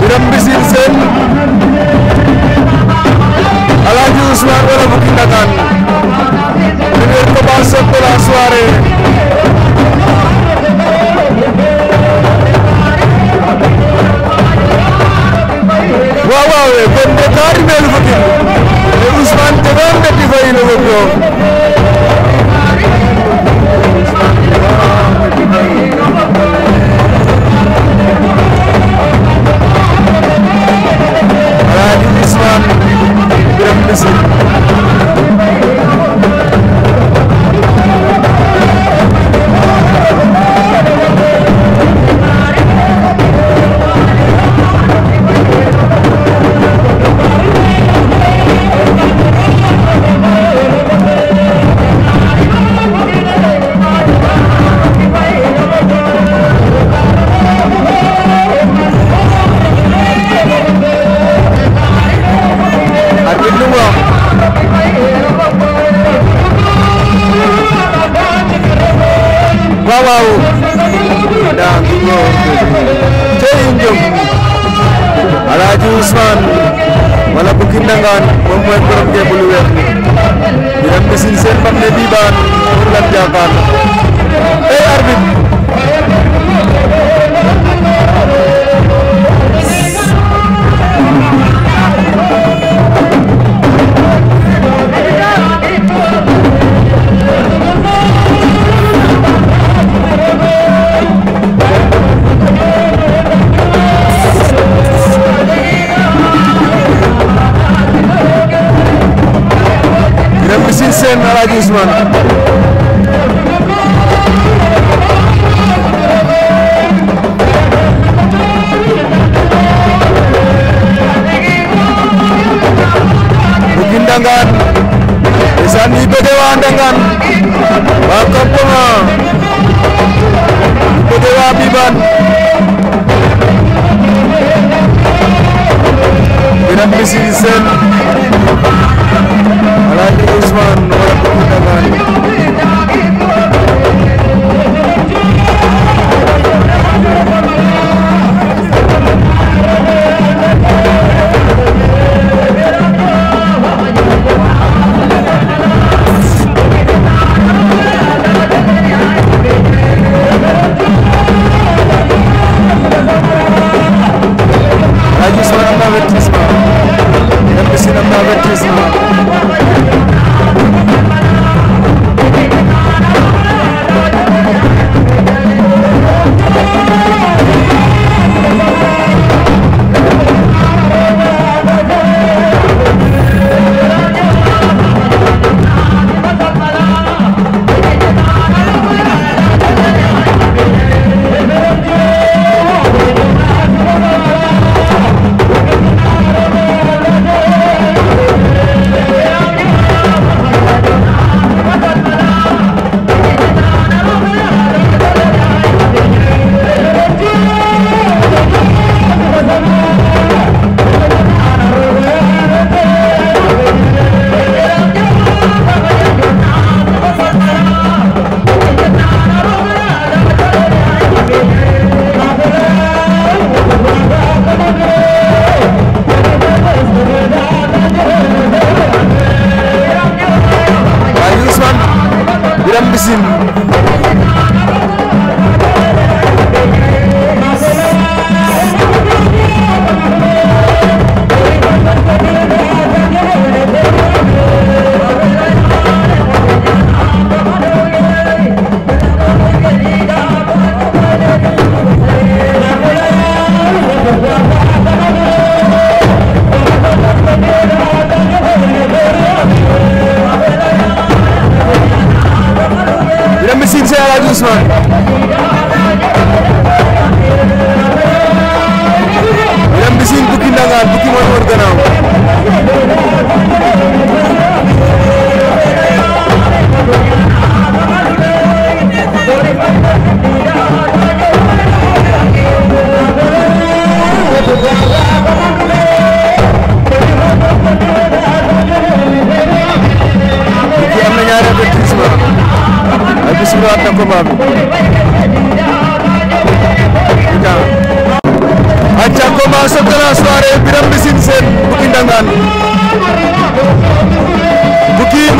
Birame Mbissine Sène Alhaji Ousmane wala bu ki Ndakane premier combat choc de la soirée waaw waaw kon ne taari meel fu ki Listen. this one.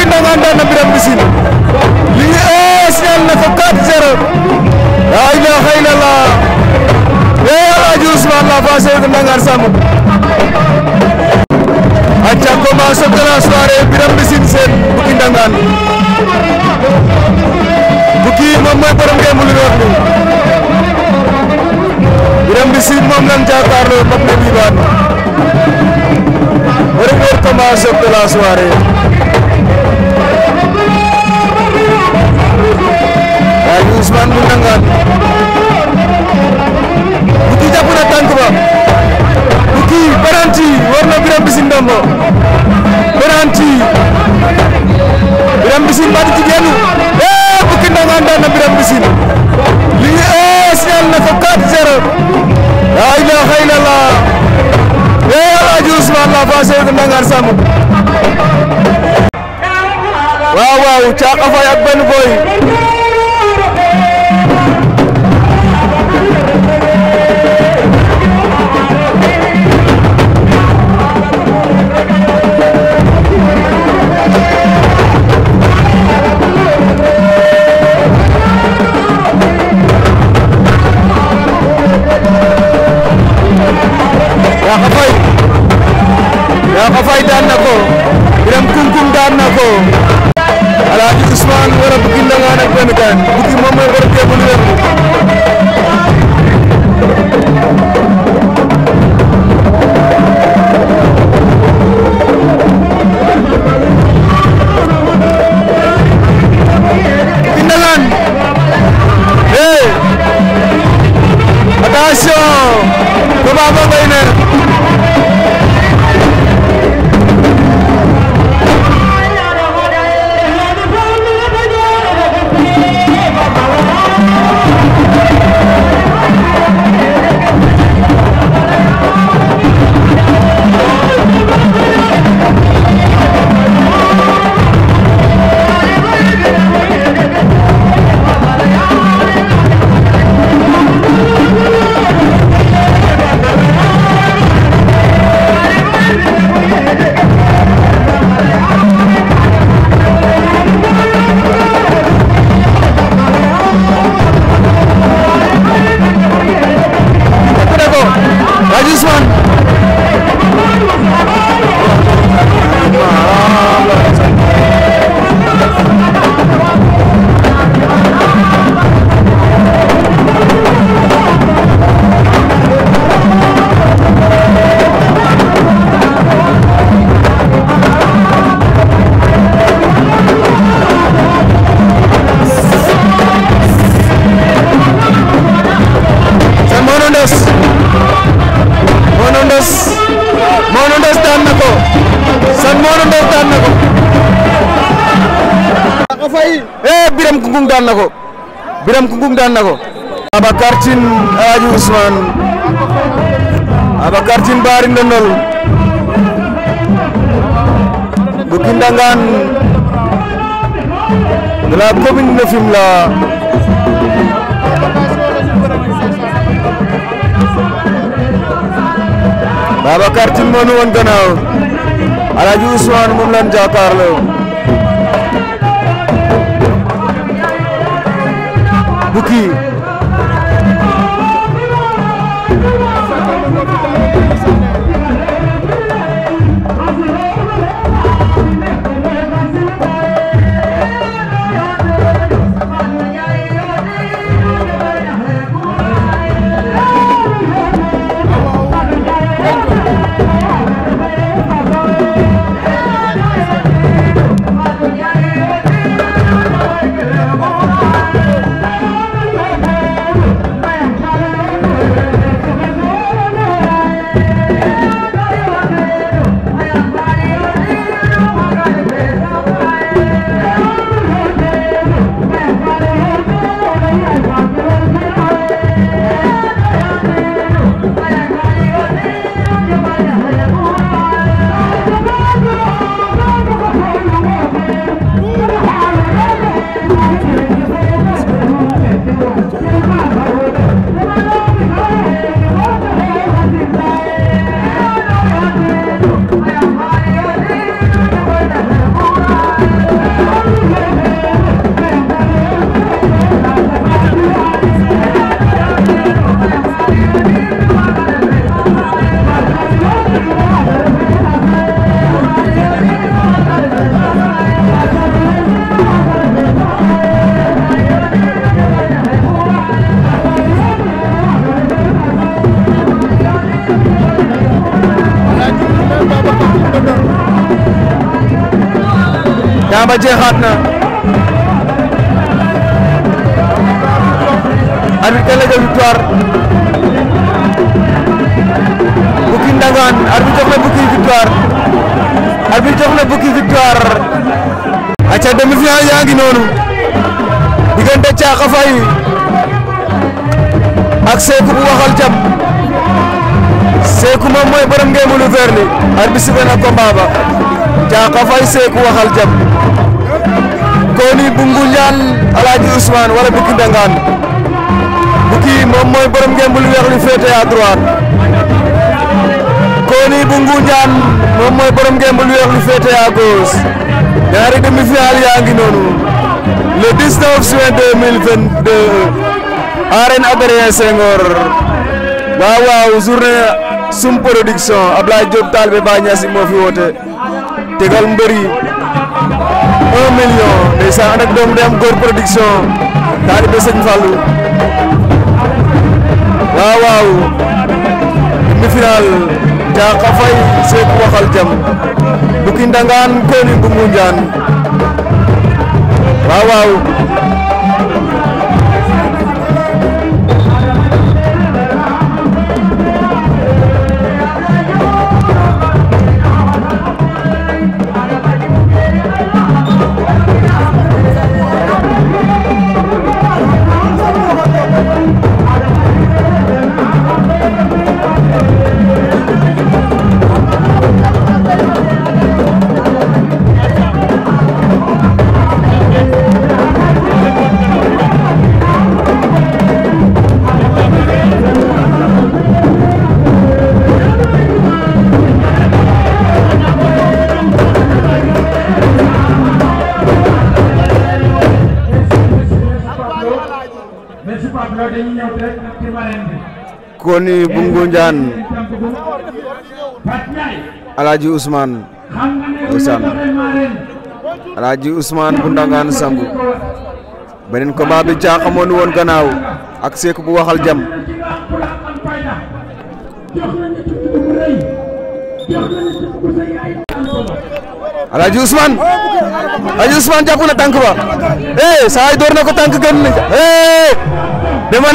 kindangan anda na Birame Mbissine li ñu ees na ko 4-0 la ilaha illallah ee Alhaji Ousmane la passé ko ndangar sam acca commencé de la soirée Birame Mbissine seen bukki ndangaan bukki moom mooy borom ngeen mu wax ni lan ne la waaye Usman Ousmane bu nangaan datang kii jàpp na tànk ba bu kii Beranti war na eh bu kii nangaan daan na Birame Mbissine eh signal eh Alaaji Ousmane la faa seetlu nangaan sàmm boy. Boum daan na ko. Abacar Tine Aji Ousmane Abacar Tine Baari Ndondol Bouki Ndangane de la commune de Fimela Abacar Tine moo bu lamba jeexaat na arbitre victoire Bouki Ndangane arbitre jox na Bouki victoire arbitre jox na Bouki victoire aca demi-finale yaa ngi noonu diggante Caaka Fay ak Seeku bu waxal Seeku moom mooy borom ngeen mën a verni arbitre bi na combat Seeku waxal jam Koni bu alaji Usman wala Bouki Ndangaan Bouki mom moy borom gembu li wex li fete a ya, droite goni bu Ngunjaan moom borom gembu li wex li fete a ya, gauche ñaari demi-finale yaangi nonu le 19 juin 2022 arène Adrien Senghor waaw waaw journée Soum Production abdoulaye Diop talbe Baye Niass fi wote tegal mbeuri un million ndeysaan ànd ak doomu day am góor production Jam Bouki Ndangaan Kooni bu Ngunjaan waaw waaw koni Gunjan, Alaji Usman Usman Alaji Usman Bundangan Sambu Benin ko bi caaxa xamone won woon gannaaw ak sek bu waxal jam Alaji Usman Alaji Usman jàpp tank ba eh saa Dorna door na ko tank gën eh dama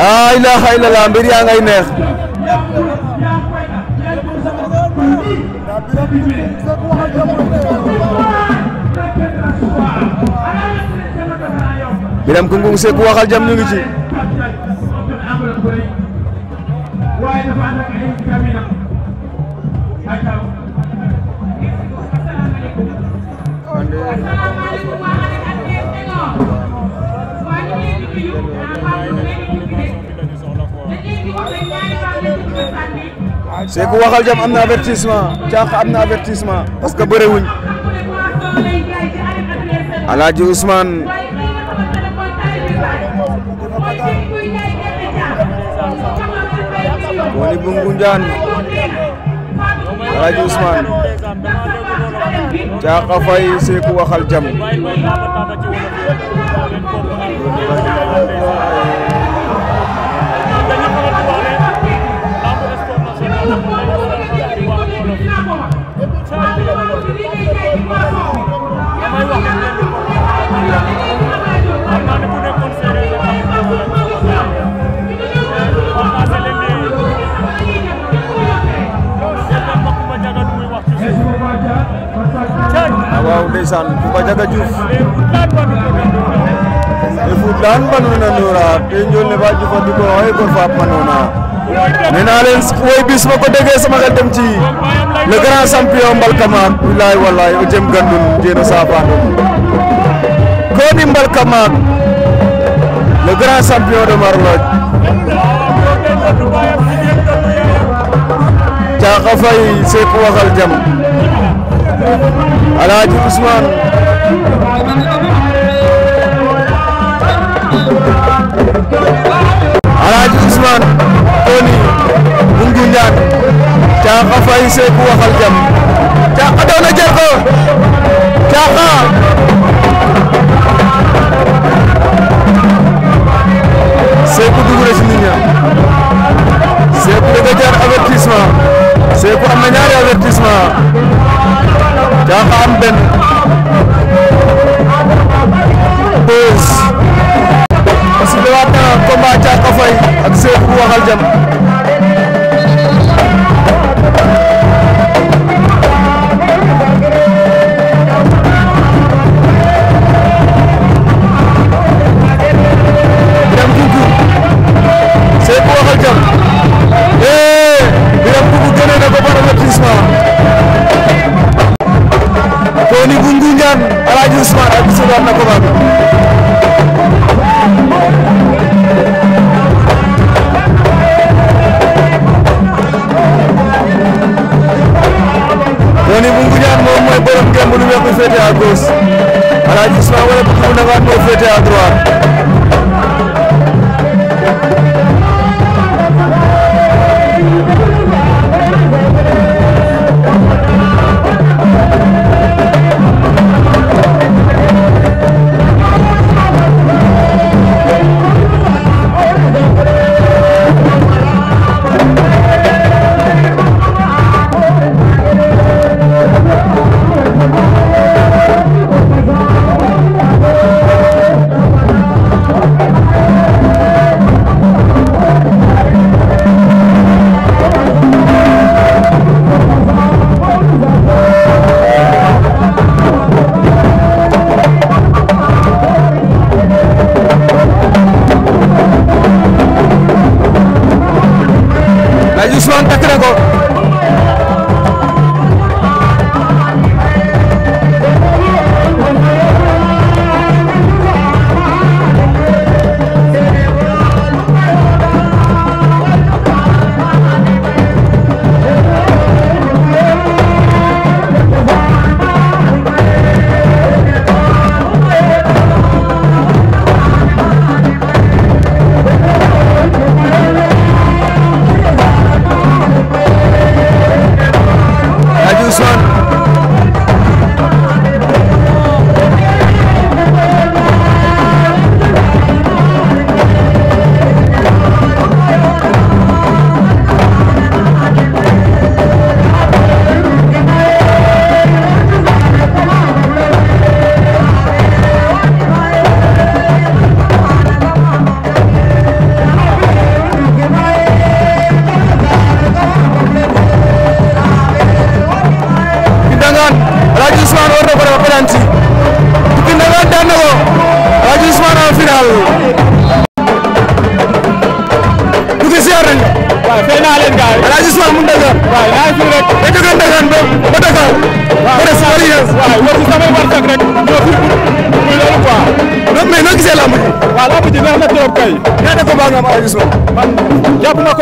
laa ilaaha illallah mbir yaa ngay neex biram kungung seku waxal jam ñu ngi ci Seeku waxal jam am na avertissement Caaq am na avertissement parce que bëre wuñ Alaaji Ousmane woni fay Seeku waxal jam ndeysaan Gadiaga Diouf e fuɗɗan banona nora te jolne ba jufandi ko oy ko faap manona nena leen woy bis ma ko déggee sama xel dem ci le grand champion mbalkamaak bilaay wallaay o jem gandun jeno safanum koni mbalkamaak le grand champion de Marlodj Caaka Faye jam Alaaji Ousmane Alaaji Ousmane Tony bu Ngundaan Caaka Faye Seeku waxal jam Caaka daw na jël ko Caaka Seeku dugg na ci nit ña Seeku dafa jaar avertissement Sékou am na ñaari avertissement Diakha am benn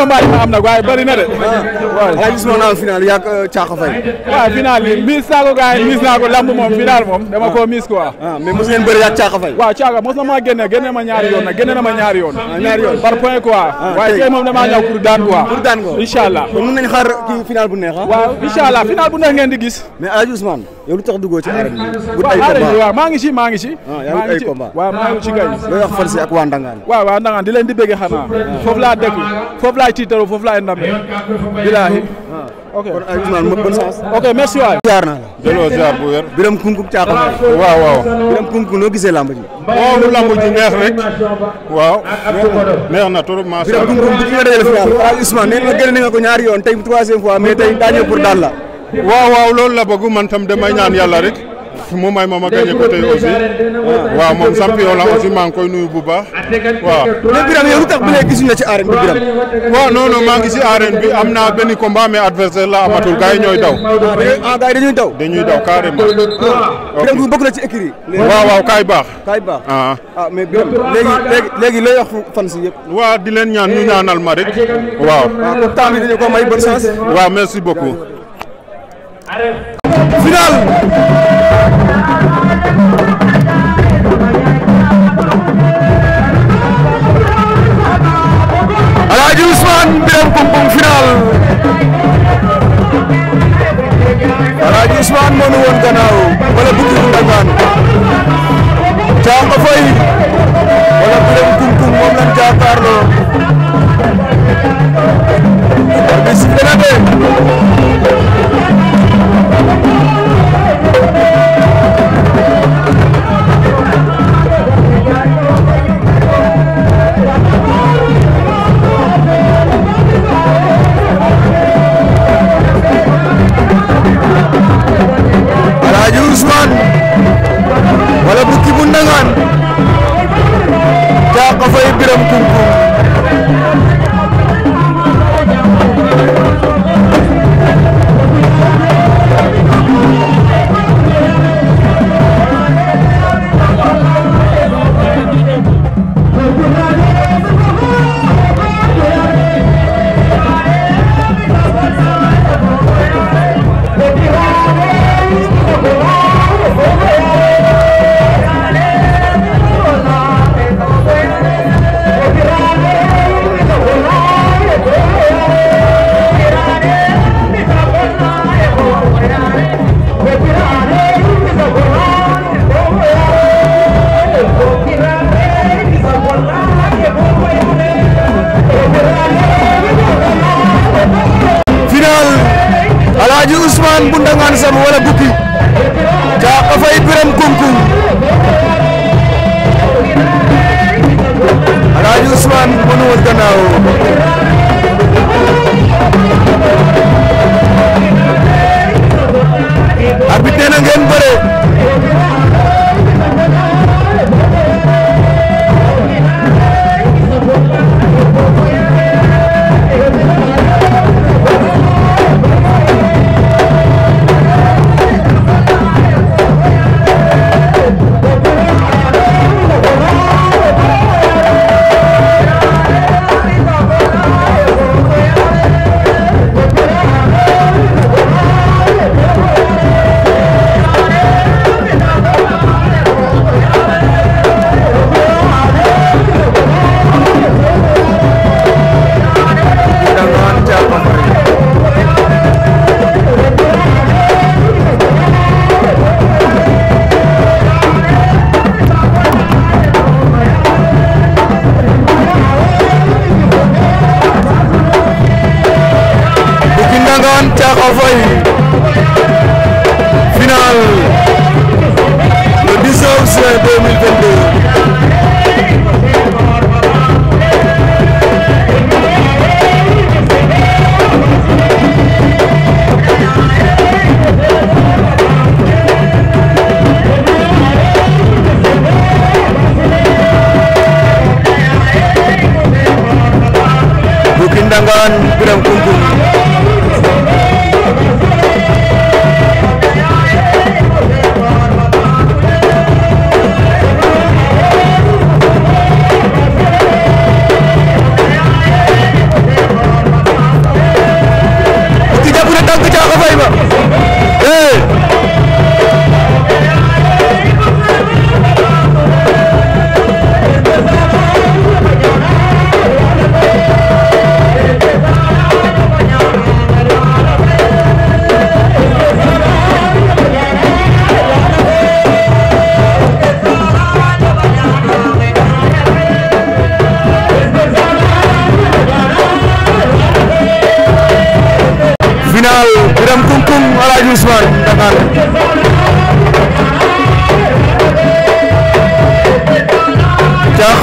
combat yi ma am nag waaye bëri na de. Ah. waaw waaye gis naa final yàgg euh, Caaxa Fay. waaw final bi miis naa ko gars yi miis naa ko lamb moom final moom dama koo miis quoi. ah mais mos ngeen bëri yàgg Caaxa Fay. waaw Caaxa mos na maa génne génne na ma ñaari yoon. Ah, ñaari yoon par ah, waaye tey moom damaa ñëw pour daan quoi. pour daan bu neex ah. waaw incha bu neex ngeen di gis. yow ya ah, ya, eh, lu tax duggoo ci arène bi waaw arène bi waaw maa ngi si maa ngi si yaa ngi ay combat waaw maa ngi si kay looy wax fansi ak waa Ndangaan waaw waa Ndangaan di leen di bëgg xanaa foofu laa dëkk foofu laay tiitaroo foofu laay ndambe bilaahi ok kon ay Ousmane ma bonne chance ok merci waay ziar naa la delloo ziar bu wér biram kunkuk caaxal waaw waaw biram kunkuk noo gisee lamb ji waaw oh, lu lamb ji neex rek waaw neex na trop ah, ma biram kunkuk bu ñu dajale final ak Ousmane nee nga nga ko ñaari yoon tey troisième fois mais tey daa pour daal la waaw waaw loolu la bëgg man tam damay ñaan yàlla rek. mu may ma ma gagné ko tey waaw moom champion la aussi maa koy nuyu bu baax waaw. mais Birame yow lu tax ba léegi gisuñu la ci arène bi Birame. maa ngi si arène bi am naa benn ko mais adversaire la amatul gars yi ñooy daw. Ah, ah gars yi dañuy daw. dañuy daw carrément. Ah, ok Birame bokk na ci écrit. waaw waaw kaay baax. kaay baax ah, ah. mais Birame léegi léegi léegi fan si yëpp. waa di leen ñaan ñu ñaanal ma rek. waaw. temps bi dañu ko may bonne chance. waaw merci beaucoup. final Alaaji Ousmane Birame Koum Koum final Alaaji Ousmane moo ñu woon gannaaw wala bu ñu Ndangane Thiaka Faye wala Birame Koum Koum moom lañ jàkkaarloo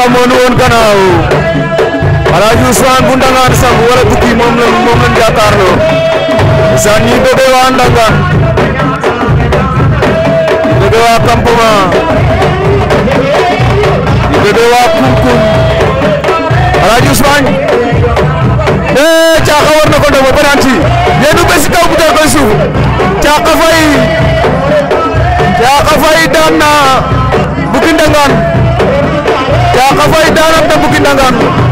moo kanau para yuswan bundangan Ousmane bu Ndangaan sang wala bukki moom lañ moom lañ jàkkaarloo saan dewa bébé waa Ndangaan bébé waa campement bébé waa Koungkoung Alaaji Ousmane ee eh, Caaka war na ko ndox ba ya, penalty yéen ba si kaw bu Faye daanam te bukki ndangaan